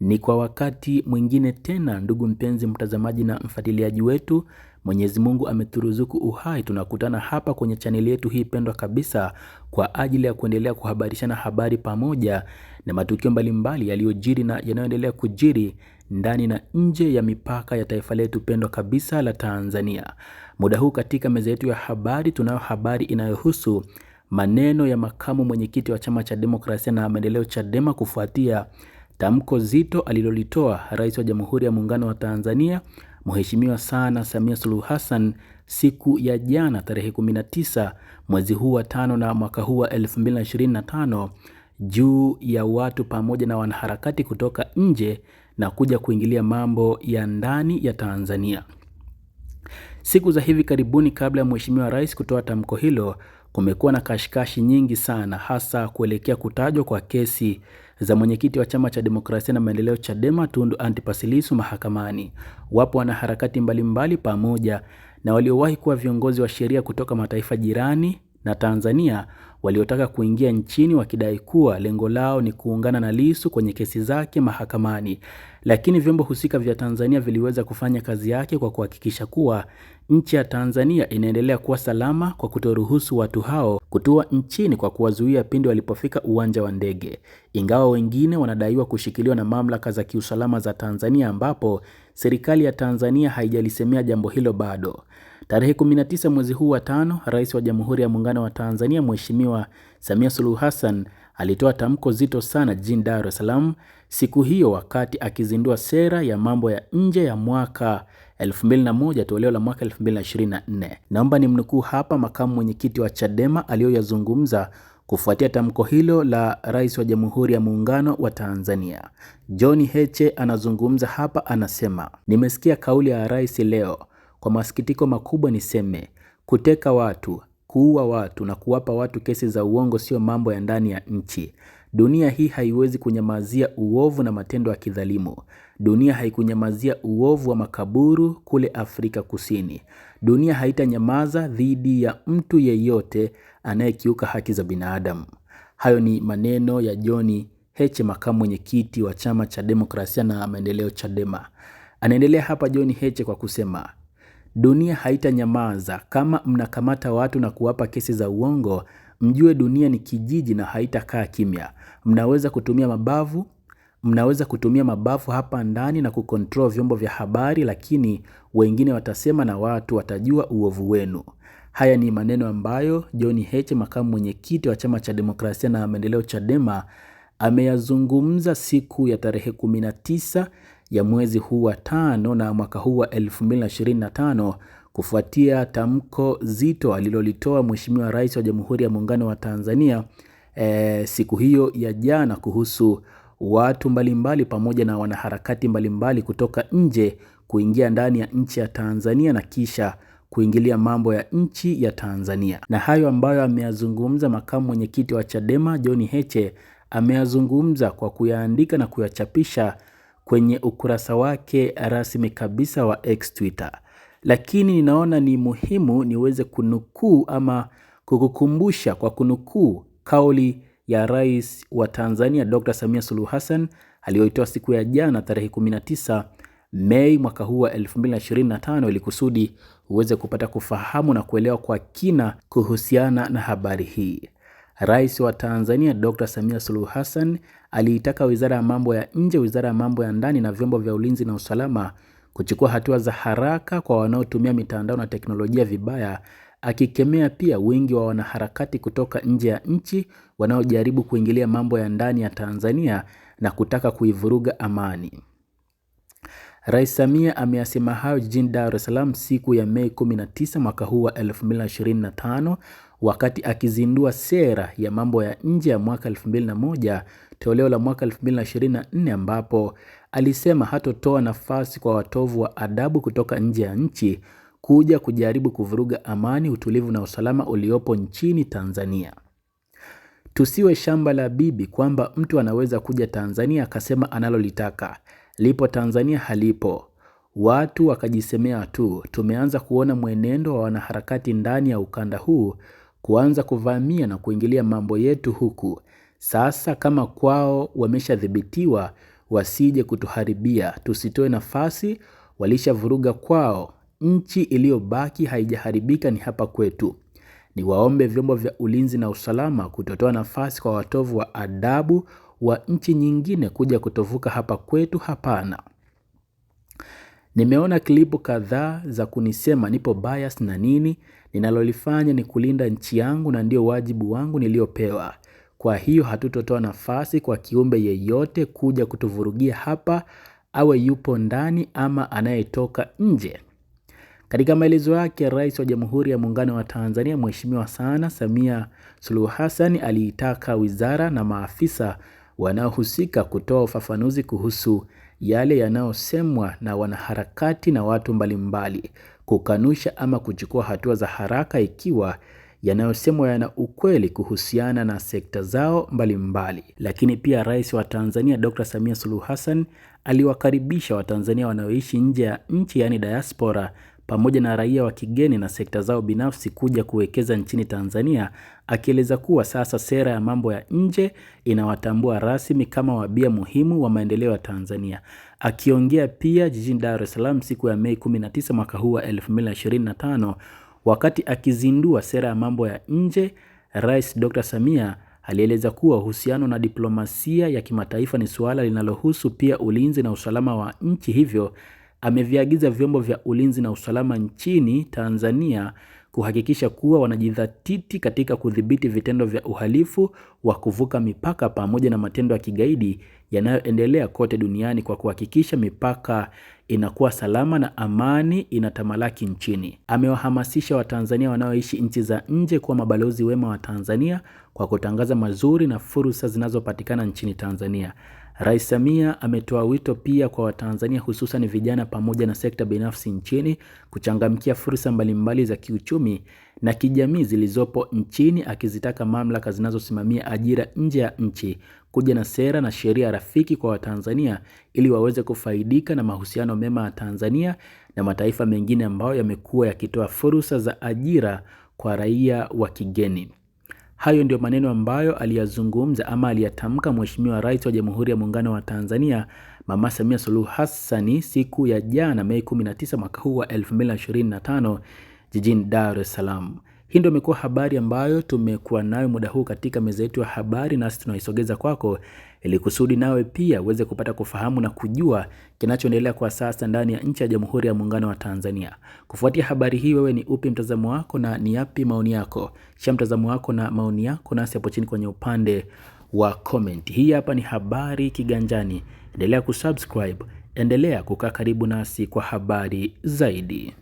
ni kwa wakati mwingine tena, ndugu mpenzi mtazamaji na mfuatiliaji wetu. Mwenyezi Mungu ameturuzuku uhai, tunakutana hapa kwenye chaneli yetu hii pendwa kabisa kwa ajili ya kuendelea kuhabarishana habari pamoja na matukio mbalimbali yaliyojiri na yanayoendelea kujiri ndani na nje ya mipaka ya taifa letu pendwa kabisa la Tanzania. Muda huu katika meza yetu ya habari tunayo habari inayohusu maneno ya makamu mwenyekiti wa chama cha demokrasia na maendeleo, Chadema, kufuatia Tamko zito alilolitoa Rais wa Jamhuri ya Muungano wa Tanzania Mheshimiwa sana Samia Suluhu Hassan siku ya jana tarehe 19 mwezi huu wa tano na mwaka huu wa 2025 juu ya watu pamoja na wanaharakati kutoka nje na kuja kuingilia mambo ya ndani ya Tanzania. Siku za hivi karibuni kabla ya Mheshimiwa Rais kutoa tamko hilo, kumekuwa na kashikashi nyingi sana hasa kuelekea kutajwa kwa kesi za mwenyekiti wa chama cha demokrasia na maendeleo Chadema Tundu Antipas Lissu mahakamani. Wapo wanaharakati mbalimbali pamoja na waliowahi kuwa viongozi wa sheria kutoka mataifa jirani na Tanzania waliotaka kuingia nchini wakidai kuwa lengo lao ni kuungana na Lissu kwenye kesi zake mahakamani, lakini vyombo husika vya Tanzania viliweza kufanya kazi yake kwa kuhakikisha kuwa nchi ya Tanzania inaendelea kuwa salama kwa kutoruhusu watu hao kutua nchini kwa kuwazuia pindi walipofika uwanja wa ndege, ingawa wengine wanadaiwa kushikiliwa na mamlaka za kiusalama za Tanzania, ambapo serikali ya Tanzania haijalisemea jambo hilo bado. Tarehe 19 mwezi huu wa tano, Rais wa Jamhuri ya Muungano wa Tanzania Mheshimiwa Samia Suluhu Hassan alitoa tamko zito sana jijini Dar es Salaam siku hiyo, wakati akizindua sera ya mambo ya nje ya mwaka 2001 toleo la mwaka 2024. Naomba nimnukuu hapa makamu mwenyekiti wa Chadema aliyoyazungumza kufuatia tamko hilo la Rais wa Jamhuri ya Muungano wa Tanzania. John Heche anazungumza hapa, anasema nimesikia kauli ya rais leo kwa masikitiko makubwa niseme, kuteka watu, kuua watu na kuwapa watu kesi za uongo sio mambo ya ndani ya nchi. Dunia hii haiwezi kunyamazia uovu na matendo ya kidhalimu. Dunia haikunyamazia uovu wa makaburu kule Afrika Kusini. Dunia haitanyamaza dhidi ya mtu yeyote anayekiuka haki za binadamu. Hayo ni maneno ya John Heche, makamu mwenyekiti wa chama cha demokrasia na maendeleo, Chadema. Anaendelea hapa John Heche kwa kusema Dunia haitanyamaza kama mnakamata watu na kuwapa kesi za uongo. Mjue dunia ni kijiji na haitakaa kimya. Mnaweza kutumia mabavu, mnaweza kutumia mabavu hapa ndani na kukontrol vyombo vya habari, lakini wengine watasema na watu watajua uovu wenu. Haya ni maneno ambayo John Heche, makamu mwenyekiti wa chama cha demokrasia na maendeleo, Chadema, ameyazungumza siku ya tarehe 19 ya mwezi huu wa tano na mwaka huu wa 2025 kufuatia tamko zito alilolitoa Mheshimiwa Rais wa Jamhuri ya Muungano wa Tanzania e, siku hiyo ya jana kuhusu watu mbalimbali pamoja na wanaharakati mbalimbali kutoka nje kuingia ndani ya nchi ya Tanzania na kisha kuingilia mambo ya nchi ya Tanzania. Na hayo ambayo ameyazungumza makamu mwenyekiti wa Chadema John Heche ameyazungumza kwa kuyaandika na kuyachapisha kwenye ukurasa wake rasmi kabisa wa X Twitter, lakini ninaona ni muhimu niweze kunukuu ama kukukumbusha kwa kunukuu kauli ya Rais wa Tanzania Dr. Samia Suluhu Hassan aliyoitoa siku ya jana tarehe 19 Mei mwaka huu wa 2025 ili kusudi uweze kupata kufahamu na kuelewa kwa kina kuhusiana na habari hii. Rais wa Tanzania Dr. Samia Suluhu Hassan aliitaka Wizara ya Mambo ya Nje, Wizara ya Mambo ya Ndani na vyombo vya ulinzi na usalama kuchukua hatua za haraka kwa wanaotumia mitandao na teknolojia vibaya, akikemea pia wingi wa wanaharakati kutoka nje ya nchi wanaojaribu kuingilia mambo ya ndani ya Tanzania na kutaka kuivuruga amani. Rais Samia ameyasema hayo jijini Dar es Salaam siku ya Mei 19 mwaka huu wa 2025 wakati akizindua sera ya mambo ya nje ya mwaka 2001 toleo la mwaka 2024 ambapo alisema hatotoa nafasi kwa watovu wa adabu kutoka nje ya nchi kuja kujaribu kuvuruga amani, utulivu na usalama uliopo nchini Tanzania. Tusiwe shamba la bibi kwamba mtu anaweza kuja Tanzania akasema analolitaka. Lipo Tanzania halipo. Watu wakajisemea tu. Tumeanza kuona mwenendo wa wanaharakati ndani ya ukanda huu kuanza kuvamia na kuingilia mambo yetu huku. Sasa kama kwao wameshadhibitiwa, wasije kutuharibia, tusitoe nafasi, walishavuruga kwao. Nchi iliyobaki haijaharibika ni hapa kwetu. Niwaombe vyombo vya ulinzi na usalama kutotoa nafasi kwa watovu wa adabu wa nchi nyingine kuja kutovuka hapa kwetu. Hapana. Nimeona klipu kadhaa za kunisema nipo bias na nini, ninalolifanya ni kulinda nchi yangu na ndio wajibu wangu niliyopewa Kwa hiyo hatutotoa nafasi kwa kiumbe yeyote kuja kutuvurugia hapa, awe yupo ndani ama anayetoka nje. Katika maelezo yake Rais wa Jamhuri ya Muungano wa Tanzania Mheshimiwa sana Samia Suluhu Hassan aliitaka wizara na maafisa wanaohusika kutoa ufafanuzi kuhusu yale yanayosemwa na wanaharakati na watu mbalimbali, kukanusha ama kuchukua hatua za haraka ikiwa yanayosemwa yana ukweli kuhusiana na sekta zao mbalimbali mbali. Lakini pia Rais wa Tanzania Dr. Samia Suluhu Hassan aliwakaribisha Watanzania wanaoishi nje ya nchi yaani diaspora pamoja na raia wa kigeni na sekta zao binafsi kuja kuwekeza nchini Tanzania, akieleza kuwa sasa sera ya mambo ya nje inawatambua rasmi kama wabia muhimu wa maendeleo ya Tanzania. Akiongea pia jijini Dar es Salaam siku ya Mei 19 mwaka huu wa 2025 wakati akizindua sera ya mambo ya nje, Rais Dr. Samia alieleza kuwa uhusiano na diplomasia ya kimataifa ni suala linalohusu pia ulinzi na usalama wa nchi, hivyo ameviagiza vyombo vya ulinzi na usalama nchini Tanzania kuhakikisha kuwa wanajidhatiti katika kudhibiti vitendo vya uhalifu wa kuvuka mipaka pamoja na matendo ya kigaidi yanayoendelea kote duniani kwa kuhakikisha mipaka inakuwa salama na amani inatamalaki nchini. Amewahamasisha Watanzania wanaoishi nchi za nje kuwa mabalozi wema wa Tanzania kwa kutangaza mazuri na fursa zinazopatikana nchini Tanzania. Rais Samia ametoa wito pia kwa Watanzania hususan vijana pamoja na sekta binafsi nchini kuchangamkia fursa mbalimbali za kiuchumi na kijamii zilizopo nchini akizitaka mamlaka zinazosimamia ajira nje ya nchi kuja na sera na sheria rafiki kwa Watanzania ili waweze kufaidika na mahusiano mema ya Tanzania na mataifa mengine ambayo yamekuwa yakitoa fursa za ajira kwa raia wa kigeni. Hayo ndio maneno ambayo aliyazungumza ama aliyatamka Mheshimiwa Rais wa Jamhuri ya Muungano wa Tanzania Mama Samia Suluhu Hassani siku ya jana Mei 19 mwaka huu wa 2025 jijini Dar es Salaam. Hii ndio imekuwa habari ambayo tumekuwa nayo muda huu katika meza yetu ya habari, nasi tunaisogeza kwako ili kusudi nawe pia uweze kupata kufahamu na kujua kinachoendelea kwa sasa ndani ya nchi ya Jamhuri ya Muungano wa Tanzania. Kufuatia habari hii, wewe ni upi mtazamo wako na ni yapi maoni yako? Shia mtazamo wako na maoni yako nasi hapo chini kwenye upande wa comment. Hii hapa ni Habari Kiganjani. Endelea kusubscribe, endelea kukaa karibu nasi kwa habari zaidi.